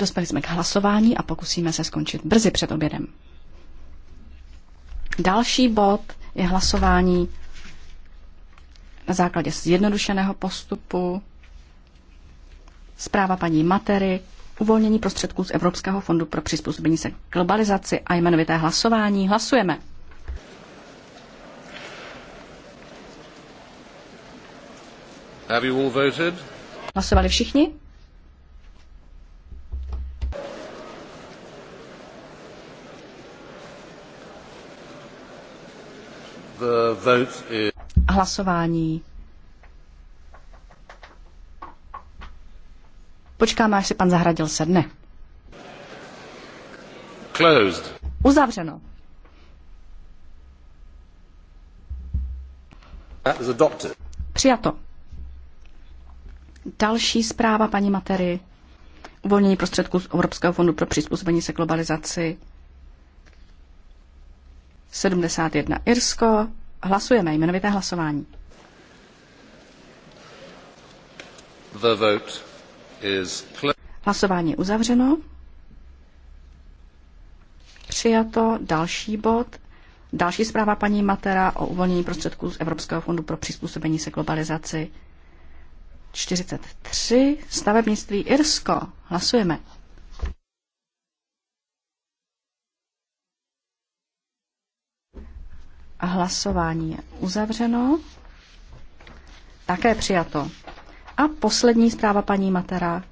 Dospěli jsme k hlasování a pokusíme se skončit brzy před obědem. Další bod je hlasování na základě zjednodušeného postupu. Zpráva paní Matery, uvolnění prostředků z Evropského fondu pro přizpůsobení se globalizaci a jmenovité hlasování. Hlasujeme. Have you all voted? Hlasovali všichni? Hlasování. Počkáme, až si pan Zahradil sedne. Closed. Uzavřeno. Přijato. Další zpráva paní Matery. Uvolnění prostředků z Evropského fondu pro přizpůsobení se globalizaci 71 Irsko. Hlasujeme jmenovité hlasování. The vote is Hlasování uzavřeno. Přijato další bod. Další zpráva paní Matera o uvolnění prostředků z Evropského fondu pro přizpůsobení se globalizaci 43. Stavebnictví Irsko. Hlasujeme. Hlasování je uzavřeno. Také přijato. A poslední zpráva paní Matera.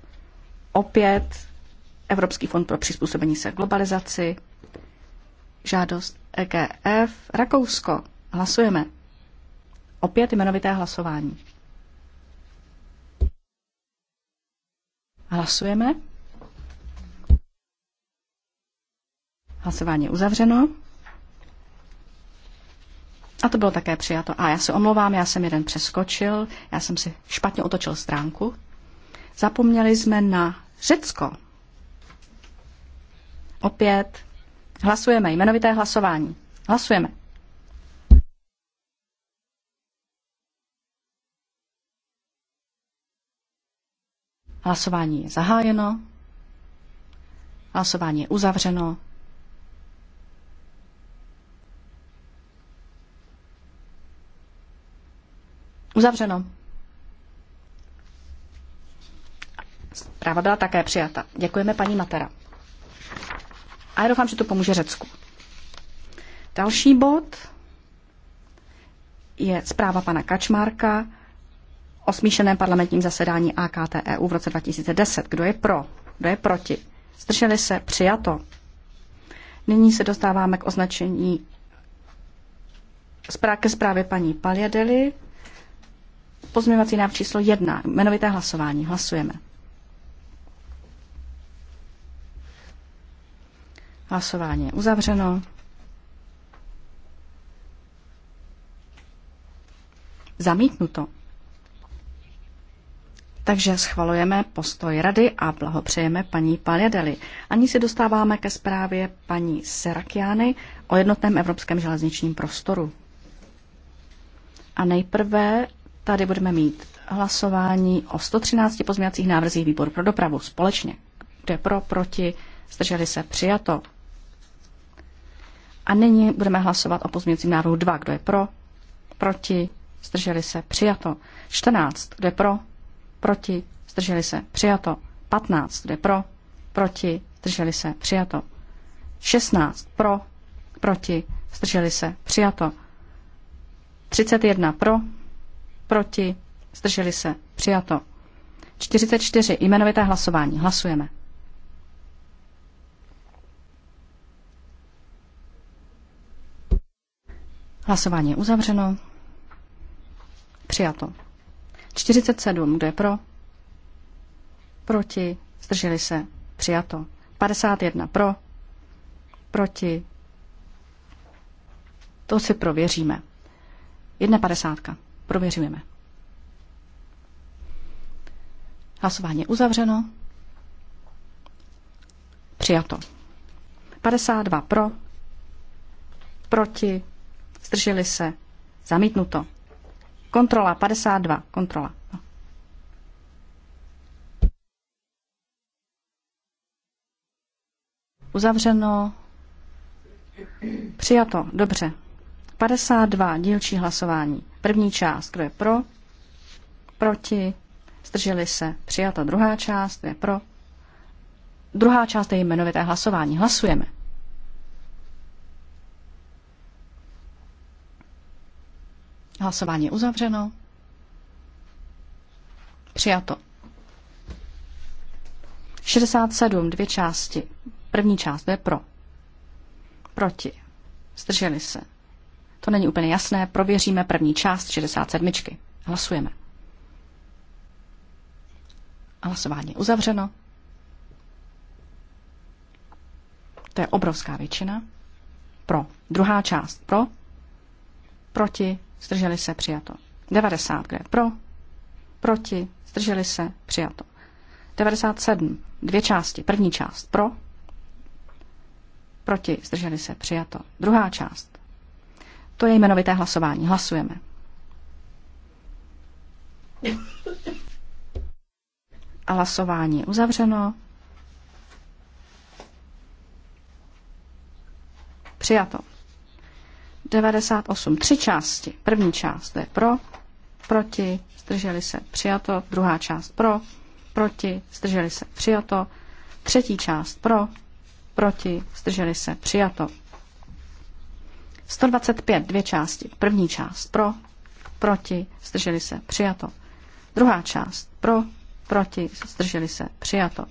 Opět Evropský fond pro přizpůsobení se globalizaci. Žádost EGF. Rakousko. Hlasujeme. Opět jmenovité hlasování. Hlasujeme. Hlasování je uzavřeno. A to bylo také přijato. A já se omlouvám, já jsem jeden přeskočil, já jsem si špatně otočil stránku. Zapomněli jsme na Řecko. Opět hlasujeme, jmenovité hlasování. Hlasujeme. Hlasování je zahájeno. Hlasování je uzavřeno. Uzavřeno. Zpráva byla také přijata. Děkujeme paní Matera. A já doufám, že to pomůže Řecku. Další bod je zpráva pana Kačmárka o smíšeném parlamentním zasedání AKTEU v roce 2010. Kdo je pro? Kdo je proti? Zdrželi se? Přijato. Nyní se dostáváme k označení ke zprávě paní Paliadeli. Pozměňovací návrh číslo 1. Jmenovité hlasování. Hlasujeme. Hlasování je uzavřeno. Zamítnuto. Takže schvalujeme postoj rady a blahopřejeme paní Paliadeli. Ani se dostáváme ke zprávě paní Serakiány o jednotném evropském železničním prostoru. A nejprve Tady budeme mít hlasování o 113 pozměňovacích návrzích výboru pro dopravu společně. Kde pro, proti, zdrželi se, přijato. A nyní budeme hlasovat o pozměňovacím návrhu 2. Kdo je pro, proti, zdrželi se, přijato. 14. Kdo je pro, proti, zdrželi se, přijato. 15. Kdo je pro, proti, zdrželi se, přijato. 16. Pro, proti, zdrželi se, přijato. 31. Pro, proti, zdrželi se, přijato. 44. Jmenovité hlasování. Hlasujeme. Hlasování je uzavřeno. Přijato. 47. Kdo je pro? Proti. Zdrželi se. Přijato. 51. Pro. Proti. To si prověříme. 51. Prověřujeme. Hlasování je uzavřeno. Přijato. 52 pro, proti, zdrželi se, zamítnuto. Kontrola 52, kontrola. Uzavřeno. Přijato, dobře. 52 dílčí hlasování. První část, kdo je pro, proti, zdrželi se, přijata druhá část, kdo je pro. Druhá část je jmenovité hlasování. Hlasujeme. Hlasování je uzavřeno. Přijato. 67, dvě části. První část, kdo je pro. Proti. Zdrželi se. To není úplně jasné. Prověříme první část 67. Hlasujeme. Hlasování uzavřeno. To je obrovská většina. Pro. Druhá část pro. Proti. Zdrželi se přijato. 90. Kde pro. Proti. Zdrželi se přijato. 97. Dvě části. První část pro. Proti. Zdrželi se přijato. Druhá část to je jmenovité hlasování. Hlasujeme. A hlasování uzavřeno. Přijato. 98. Tři části. První část to je pro, proti, zdrželi se, přijato. Druhá část pro, proti, zdrželi se, přijato. Třetí část pro, proti, zdrželi se, přijato. 125, dvě části. První část pro, proti, zdrželi se, přijato. Druhá část pro, proti, zdrželi se, přijato.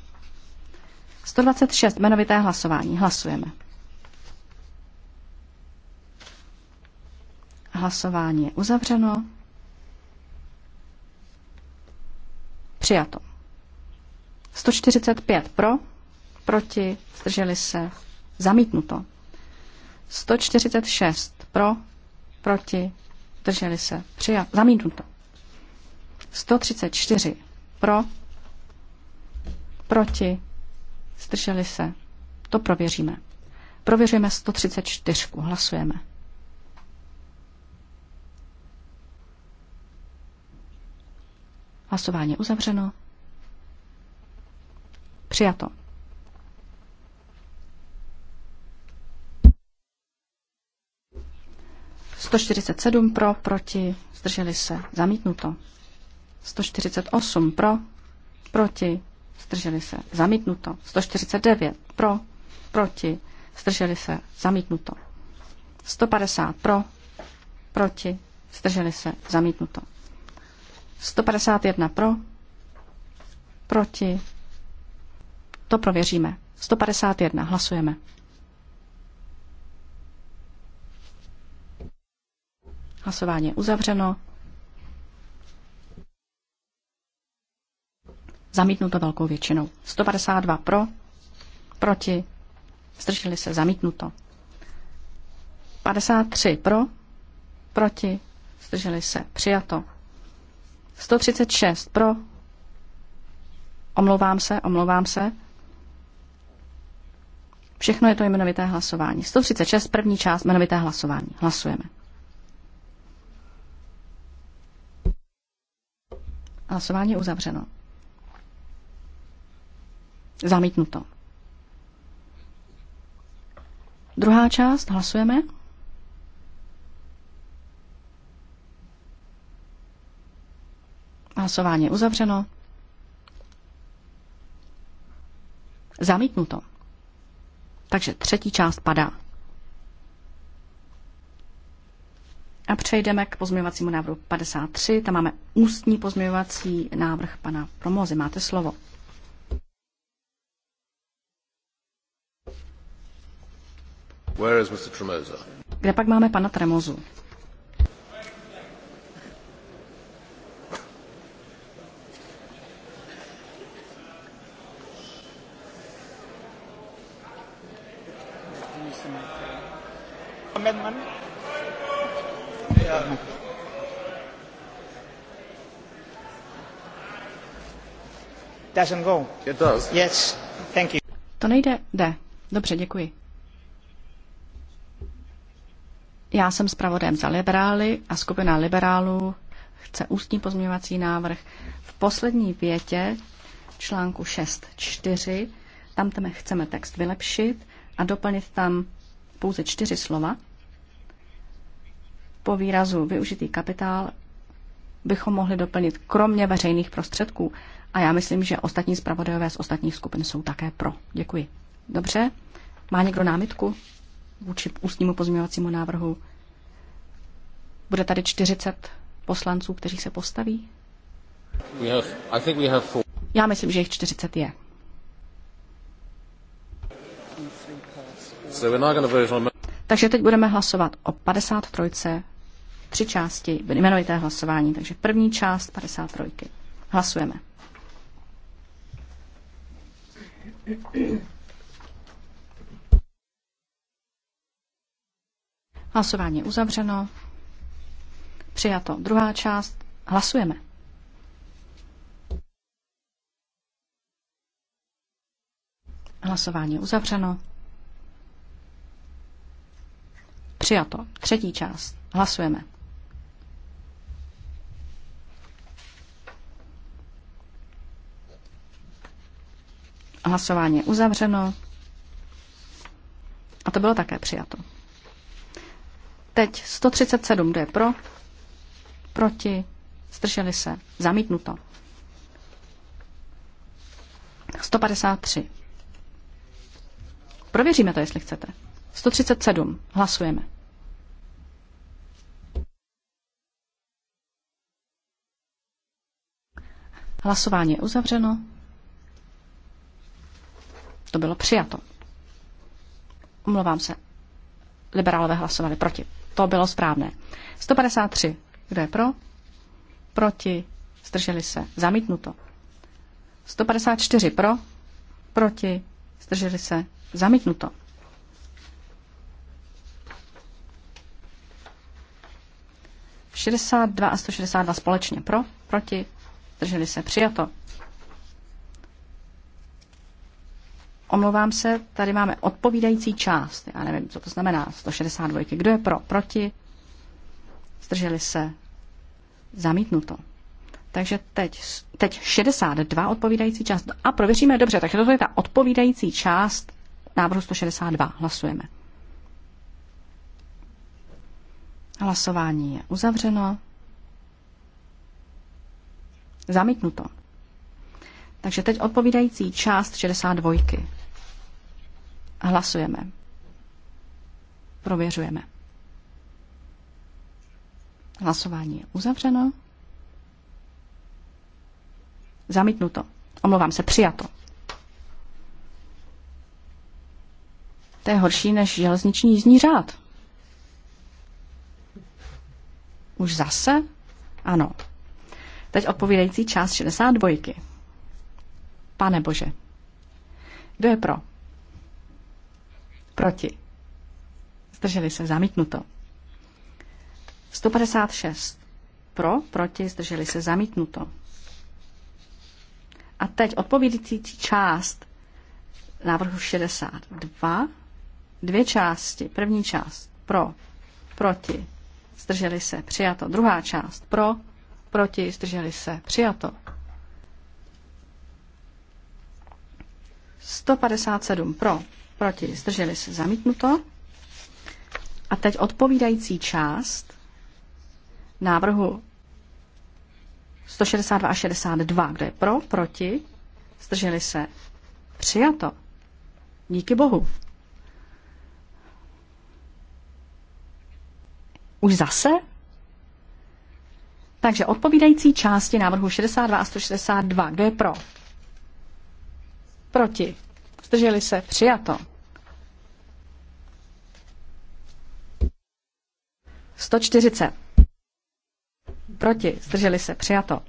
126, jmenovité hlasování. Hlasujeme. Hlasování je uzavřeno. Přijato. 145 pro, proti, zdrželi se, zamítnuto. 146 pro, proti, drželi se, přijat, zamítnuto. 134 pro, proti, zdrželi se. To prověříme. Prověříme 134. Hlasujeme. Hlasování uzavřeno. Přijato. 147 pro, proti, zdrželi se, zamítnuto. 148 pro, proti, zdrželi se, zamítnuto. 149 pro, proti, zdrželi se, zamítnuto. 150 pro, proti, zdrželi se, zamítnuto. 151 pro, proti, to prověříme. 151, hlasujeme. Hlasování je uzavřeno. Zamítnuto velkou většinou. 152 pro, proti, zdrželi se, zamítnuto. 53 pro, proti, zdrželi se, přijato. 136 pro, omlouvám se, omlouvám se. Všechno je to jmenovité hlasování. 136, první část, jmenovité hlasování. Hlasujeme. Hlasování je uzavřeno. Zamítnuto. Druhá část, hlasujeme. Hlasování je uzavřeno. Zamítnuto. Takže třetí část padá. A přejdeme k pozměňovacímu návrhu 53. Tam máme ústní pozměňovací návrh pana Promozy. Máte slovo. Kde pak máme pana Tremozu? doesn't go. It does. Yes. Thank you. To nejde. Jde. Dobře, děkuji. Já jsem zpravodajem za liberály a skupina liberálů chce ústní pozměňovací návrh. V poslední větě článku 6.4 tam tam chceme text vylepšit a doplnit tam pouze čtyři slova. Po výrazu využitý kapitál bychom mohli doplnit kromě veřejných prostředků. A já myslím, že ostatní zpravodajové z ostatních skupin jsou také pro. Děkuji. Dobře. Má někdo námitku vůči ústnímu pozměňovacímu návrhu? Bude tady 40 poslanců, kteří se postaví? Já myslím, že jich 40 je. Takže teď budeme hlasovat o 53. Tři části, jmenovité hlasování. Takže první část 53. Hlasujeme. Hlasování uzavřeno. Přijato. Druhá část. Hlasujeme. Hlasování uzavřeno. Přijato. Třetí část. Hlasujeme. Hlasování je uzavřeno. A to bylo také přijato. Teď 137, jde je pro, proti, zdrželi se, zamítnuto. 153. Prověříme to, jestli chcete. 137. Hlasujeme. Hlasování je uzavřeno. To bylo přijato. Omlouvám se. Liberálové hlasovali proti. To bylo správné. 153. Kdo je pro? Proti. Zdrželi se. Zamítnuto. 154 pro. Proti. Zdrželi se. Zamítnuto. Šedesát 62 a 162 společně pro, proti, drželi se, přijato. Omlouvám se, tady máme odpovídající část. Já nevím, co to znamená, 162. Kdo je pro, proti? Zdrželi se. Zamítnuto. Takže teď, teď 62 odpovídající část. A prověříme dobře, takže toto je ta odpovídající část návrhu 162. Hlasujeme. Hlasování je uzavřeno. Zamítnuto. Takže teď odpovídající část 62. Hlasujeme. Prověřujeme. Hlasování je uzavřeno. Zamítnuto. Omlouvám se, přijato. To je horší než železniční jízdní řád. Už zase? Ano. Teď odpovídající část 62. Pane Bože. Kdo je pro? Proti. Zdrželi se. Zamítnuto. 156. Pro, proti, zdrželi se. Zamítnuto. A teď odpovídající část návrhu 62. Dvě části. První část pro, proti, zdrželi se, přijato. Druhá část pro, proti, zdrželi se, přijato. 157 pro, proti, zdrželi se, zamítnuto. A teď odpovídající část návrhu 162 a 62, kde je pro, proti, zdrželi se, přijato. Díky bohu. Už zase? Takže odpovídající části návrhu 62 a 162, kdo je pro? Proti. Zdrželi se? Přijato. 140. Proti? Zdrželi se? Přijato.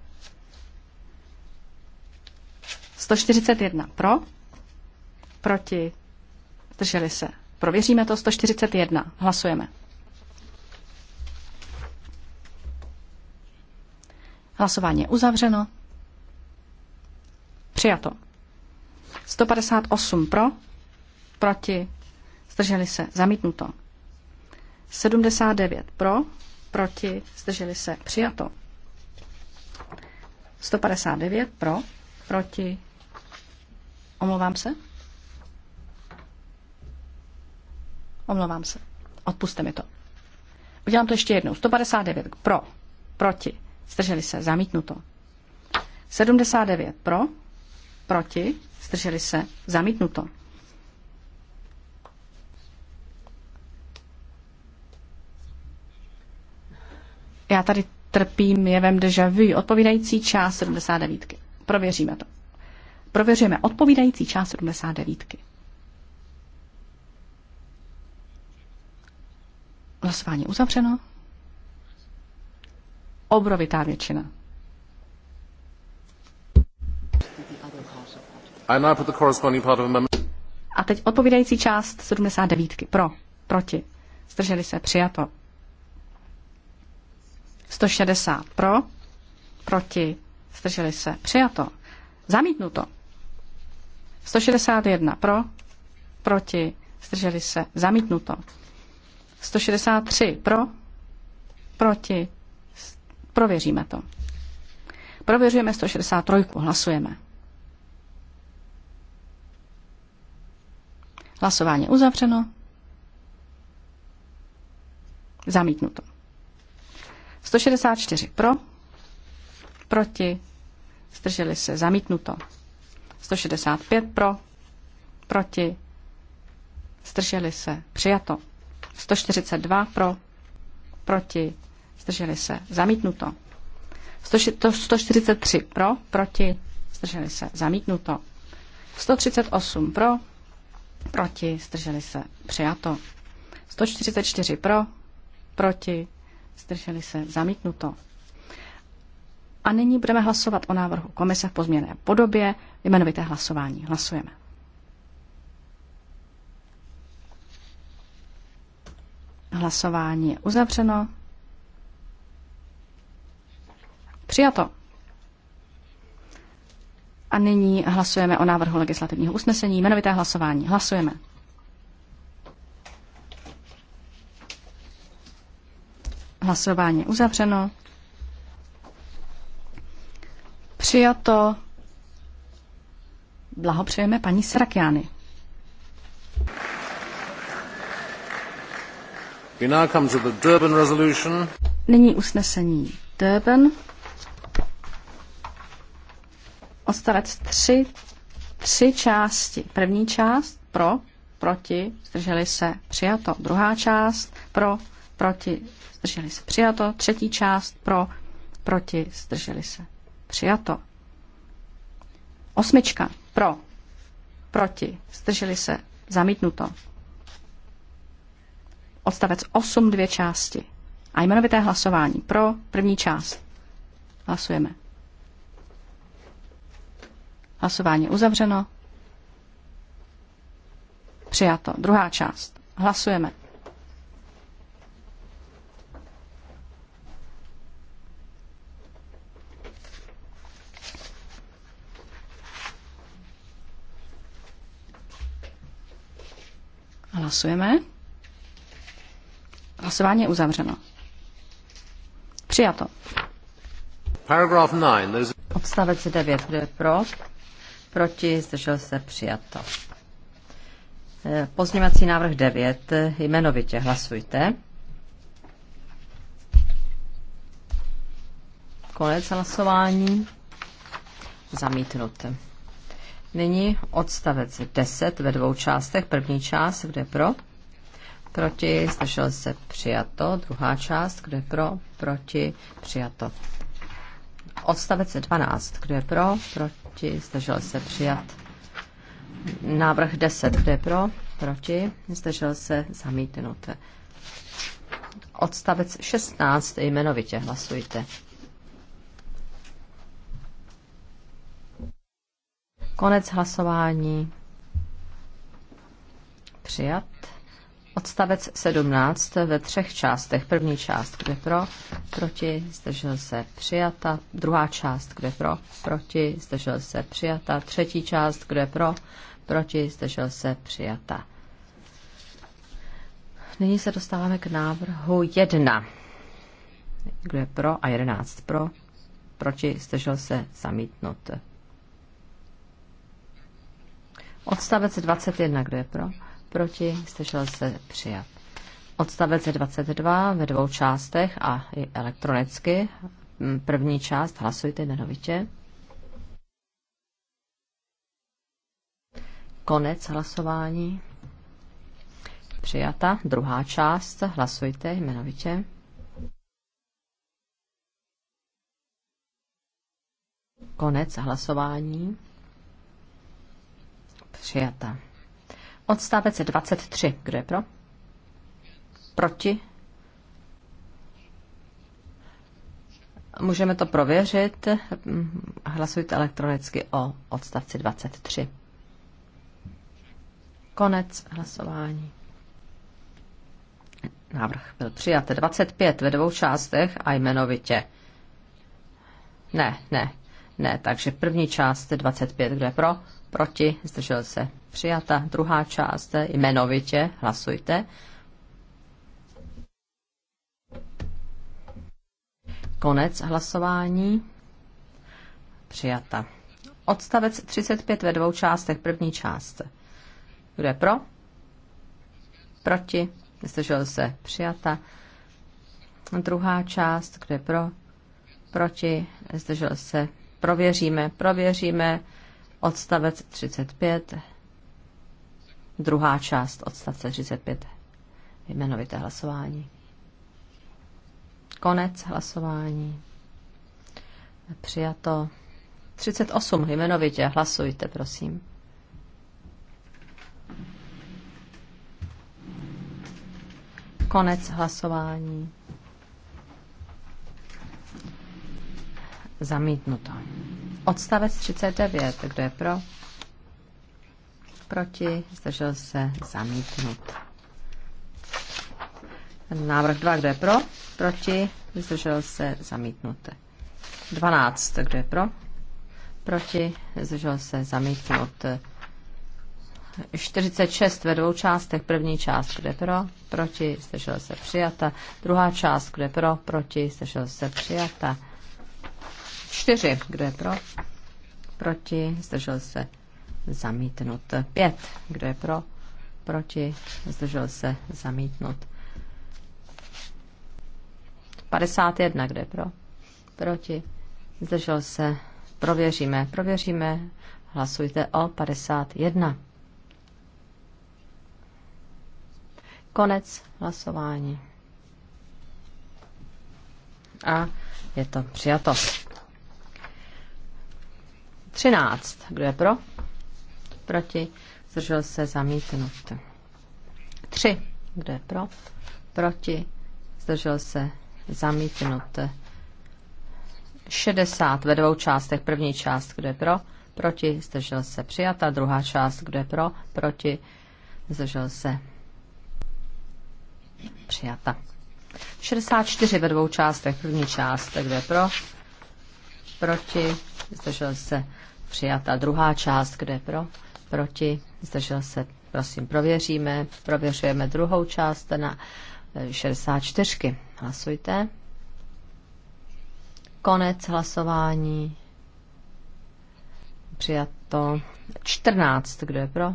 141 pro, proti, zdrželi se. Prověříme to, 141. Hlasujeme. Hlasování je uzavřeno. Přijato. 158 pro, proti, zdrželi se, zamítnuto. 79 pro, proti, zdrželi se, přijato. 159 pro, proti, omlouvám se, omlouvám se, odpuste mi to. Udělám to ještě jednou. 159 pro, proti, zdrželi se, zamítnuto. 79 pro, proti, zdrželi se, zamítnuto. Já tady trpím jevem deja vu, odpovídající část 79. Prověříme to. Prověřujeme odpovídající část 79. Hlasování uzavřeno. Obrovitá většina. A teď odpovídající část 79. Pro, proti. Zdrželi se, přijato. 160 pro, proti, zdrželi se, přijato. Zamítnuto. 161 pro, proti, zdrželi se, zamítnuto. 163 pro, proti, prověříme to. Prověřujeme 163, hlasujeme. Hlasování uzavřeno. Zamítnuto. 164 pro, proti, zdrželi se, zamítnuto. 165 pro, proti, zdrželi se, přijato. 142 pro, proti, zdrželi se, zamítnuto. 143 pro, proti, zdrželi se, zamítnuto. 138 pro, proti, zdrželi se, přijato. 144 pro, proti, zdrželi se, zamítnuto. A nyní budeme hlasovat o návrhu komise v pozměné podobě, jmenovité hlasování. Hlasujeme. Hlasování je uzavřeno. Přijato. A nyní hlasujeme o návrhu legislativního usnesení. Jmenovité hlasování. Hlasujeme. Hlasování uzavřeno. Přijato. Blahopřejeme paní Srakiány. Nyní usnesení Durban. Odstavec tři tři části. První část pro, proti, zdrželi se, přijato. Druhá část pro, proti, zdrželi se, přijato. Třetí část pro, proti, zdrželi se, přijato. Osmička pro, proti, zdrželi se, zamítnuto. Odstavec 8, dvě části. A jmenovité hlasování pro první část. Hlasujeme. Hlasování uzavřeno. Přijato. Druhá část. Hlasujeme. Hlasujeme. Hlasování je uzavřeno. Přijato. Paragraf 9. Odstavec 9. Kdo je pro? proti, zdržel se, přijato. E, pozměňovací návrh 9, jmenovitě hlasujte. Konec hlasování. Zamítnut. Nyní odstavec 10 ve dvou částech. První část, kde pro? Proti, zdržel se přijato. Druhá část, kde pro? Proti, přijato. Odstavec 12, kde pro? Proti proti, zdržel se přijat. Návrh 10, kde je pro, proti, zdržel se zamítnut. Odstavec 16, jmenovitě hlasujte. Konec hlasování. Přijat. Odstavec 17 ve třech částech. První část, kde pro, proti, zdržel se přijata. Druhá část, kde pro, proti, zdržel se přijata. Třetí část, kde pro, proti, zdržel se přijata. Nyní se dostáváme k návrhu 1. Kde pro a 11 pro, proti, zdržel se zamítnut. Odstavec 21, kde pro? proti, zdržel se přijat. Odstavec 22 ve dvou částech a i elektronicky. Mm, první část hlasujte jmenovitě. Konec hlasování. Přijata. Druhá část. Hlasujte jmenovitě. Konec hlasování. Přijata. Odstavec 23. Kdo je pro? Proti? Můžeme to prověřit. Hlasujte elektronicky o odstavci 23. Konec hlasování. Návrh byl přijat. 25 ve dvou částech a jmenovitě. Ne, ne, ne. Takže první část 25, kdo je pro? proti, zdržel se, přijata. Druhá část jmenovitě, hlasujte. Konec hlasování. Přijata. Odstavec 35 ve dvou částech, první část. Kdo je pro? Proti, zdržel se, přijata. Druhá část, kdo je pro? Proti, zdržel se, prověříme, prověříme odstavec 35, druhá část odstavce 35, jmenovité hlasování. Konec hlasování. Přijato. 38 jmenovitě. Hlasujte, prosím. Konec hlasování. Zamítnuto. Odstavec 39. Kdo je pro? Proti? Zdržel se zamítnut. Návrh 2. Kdo je pro? Proti? Zdržel se zamítnut. 12. Kdo je pro? Proti? Zdržel se zamítnut. 46 ve dvou částech. První část, kde pro, proti, zdržel se přijata. Druhá část, kde pro, proti, zdržel se přijata. 4. Kdo je pro? Proti. Zdržel se. Zamítnut. 5. Kdo je pro? Proti. Zdržel se. Zamítnut. 51. Kdo je pro? Proti. Zdržel se. Prověříme. Prověříme. Hlasujte o 51. Konec hlasování. A je to přijato. 13. Kdo je pro? Proti? Zdržel se zamítnut. 3. Kdo je pro? Proti? Zdržel se zamítnut. 60 ve dvou částech. První část, kdo je pro? Proti? Zdržel se přijata. Druhá část, kdo je pro? Proti? Zdržel se přijata. 64 ve dvou částech. První část, kdo je pro? Proti? zdržel se přijata druhá část, kde pro, proti, zdržel se, prosím, prověříme, prověřujeme druhou část na 64. Eh, Hlasujte. Konec hlasování. Přijato 14. Kdo je pro?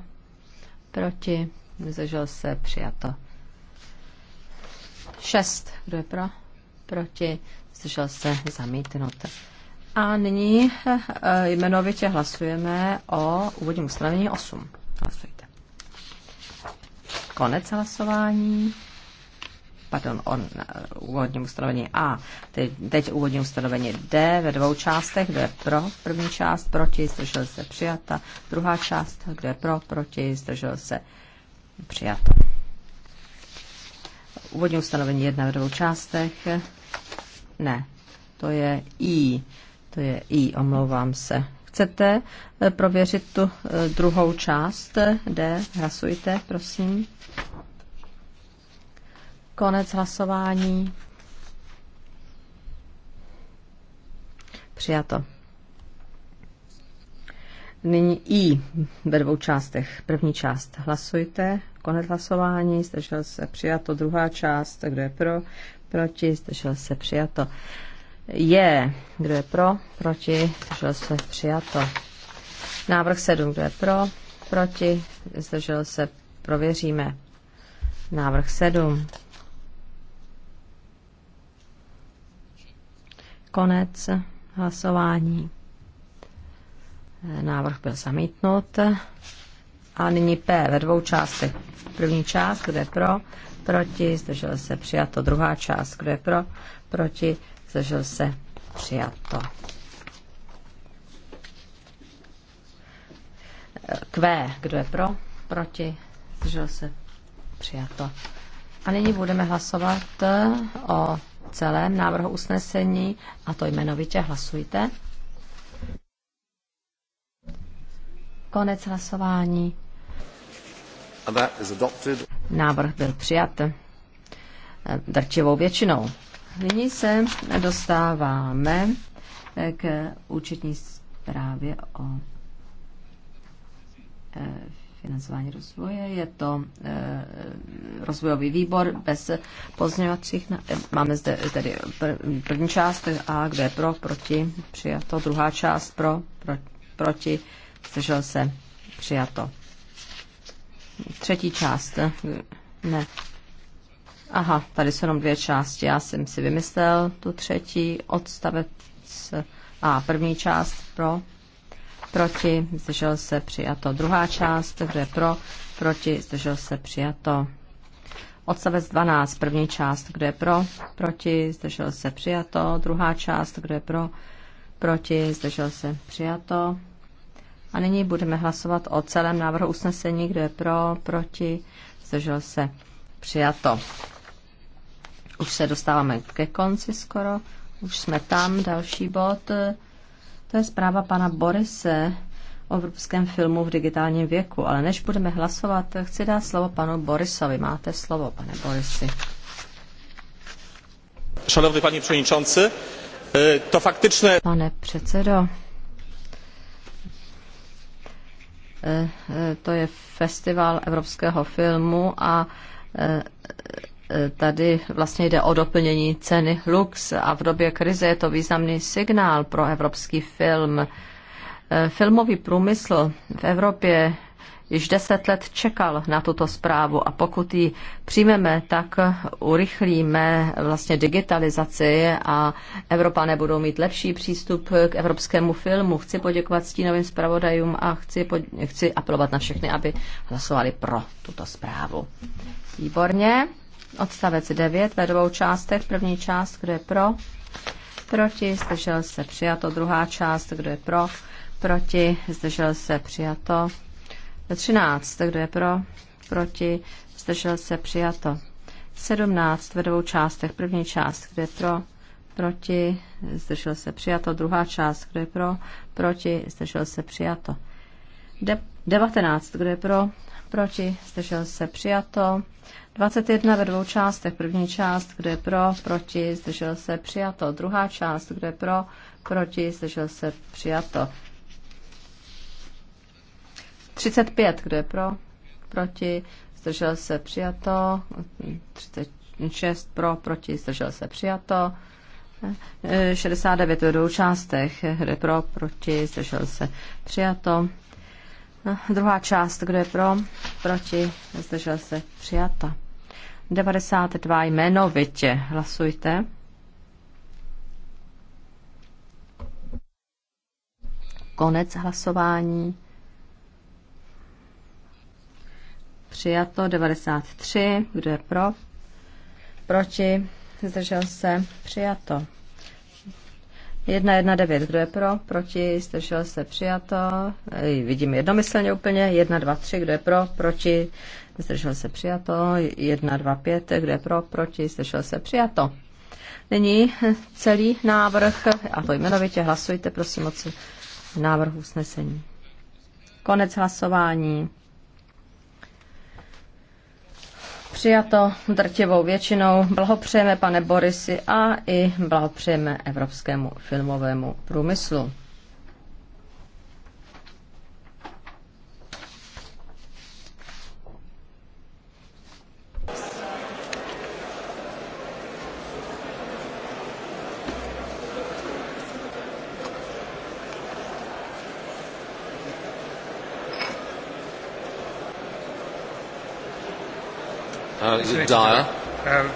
Proti. Zdržel se. Přijato 6. Kdo je pro? Proti. Zdržel se. Zamítnut. A nyní eh, jmenovitě hlasujeme o úvodním ustanovení 8. Hlasujte. Konec hlasování. Pardon, o eh, úvodním ustanovení A. Teď, teď úvodní ustanovení D ve dvou částech. Kdo je pro? První část proti, zdržel se přijata. Druhá část, kdo je pro, proti, zdržel se přijato. Úvodní ustanovení 1 ve dvou částech. Ne, to je I to je I, omlouvám se. Chcete eh, prověřit tu eh, druhou část D? Hlasujte, prosím. Konec hlasování. Přijato. Nyní I ve dvou částech. První část hlasujte, konec hlasování, zdržel se přijato. Druhá část, kdo je pro, proti, zdržel se přijato je, kdo je pro, proti, zdržel se, přijato. Návrh 7, kdo je pro, proti, zdržel se, prověříme. Návrh 7. Konec hlasování. Návrh byl zamítnut. A nyní P ve dvou částech. První část, kde je pro, proti, zdržel se přijato. Druhá část, kde je pro, proti, zdržel se, přijato. Q, kdo je pro, proti, zdržel se, přijato. A nyní budeme hlasovat o celém návrhu usnesení a to jmenovitě hlasujte. Konec hlasování. Návrh byl přijat drčivou většinou. Nyní se dostáváme eh, k účetní zprávě o eh, financování rozvoje. Je to eh, rozvojový výbor bez pozměňovacích. Máme zde tedy první část A, kde je pro, proti, přijato. Druhá část pro, pro proti, zdržel se, přijato. Třetí část, ne, Aha, tady jsou jenom dvě části. Já jsem si vymyslel tu třetí odstavec a první část pro, proti, zdržel se přijato. Druhá část, kde je pro, proti, zdržel se přijato. Odstavec 12, první část, kde je pro, proti, zdržel se přijato. Druhá část, kde je pro, proti, zdržel se přijato. A nyní budeme hlasovat o celém návrhu usnesení, kde je pro, proti, zdržel se přijato. Už se dostáváme ke konci skoro. Už jsme tam. Další bod. To je zpráva pana Borise o evropském filmu v digitálním věku. Ale než budeme hlasovat, chci dát slovo panu Borisovi. Máte slovo, pane Borisi. Szanowny panie przewodniczący, e, to faktyczne... Pane předsedo, e, e, to je festival evropského filmu a E, tady vlastně jde o doplnění ceny Lux a v době krize je to významný signál pro evropský film. E, filmový průmysl v Evropě již deset let čekal na tuto zprávu a pokud ji přijmeme, tak urychlíme vlastně digitalizaci a Evropa nebudou mít lepší přístup k evropskému filmu. Chci poděkovat stínovým zpravodajům a chci, chci apelovat na všechny, aby hlasovali pro tuto zprávu. Výborně. Odstavec 9 ve dvou částech. První část, kdo je pro, proti, zdržel se přijato. Druhá část, kdo je pro, proti, zdržel se přijato. 13, kdo je pro, proti, zdržel se přijato. 17 ve dvou částech. První část, kdo je pro, proti, zdržel se přijato. Druhá část, kdo je pro, proti, zdržel se přijato. De- 19, kdo je pro, proti, zdržel se přijato. 21 ve dvou částech. První část, kdo je pro, proti, zdržel se, přijato. Druhá část, kdo je pro, proti, zdržel se, přijato. 35, kdo je pro, proti, zdržel se, přijato. 36 pro, proti, zdržel se, přijato. 69 ve dvou částech, kdo je pro, proti, zdržel se, přijato. Druhá část, kdo je pro, proti, zdržel se, přijata. 92 jmenovitě. Hlasujte. Konec hlasování. Přijato 93. Kdo je pro? Proti? Zdržel se? Přijato. 119, kdo je pro, proti, zdržel se, přijato. Ej, Vidím jednomyslně úplně. 123, kdo je pro, proti, zdržel se, přijato. 125, kdo je pro, proti, zdržel se, přijato. Nyní celý návrh, a to jmenovitě hlasujte, prosím, o návrhu usnesení. Konec hlasování. Přijato drtivou většinou. Blahopřejeme pane Borisi a i blahopřejeme evropskému filmovému průmyslu. Uh, is it dire? Um,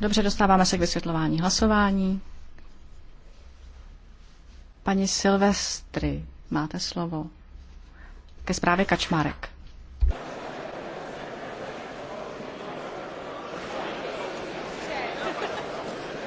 Dobře, dostáváme se k vysvětlování hlasování. Paní Silvestry, máte slovo. Ke zprávě Kačmarek.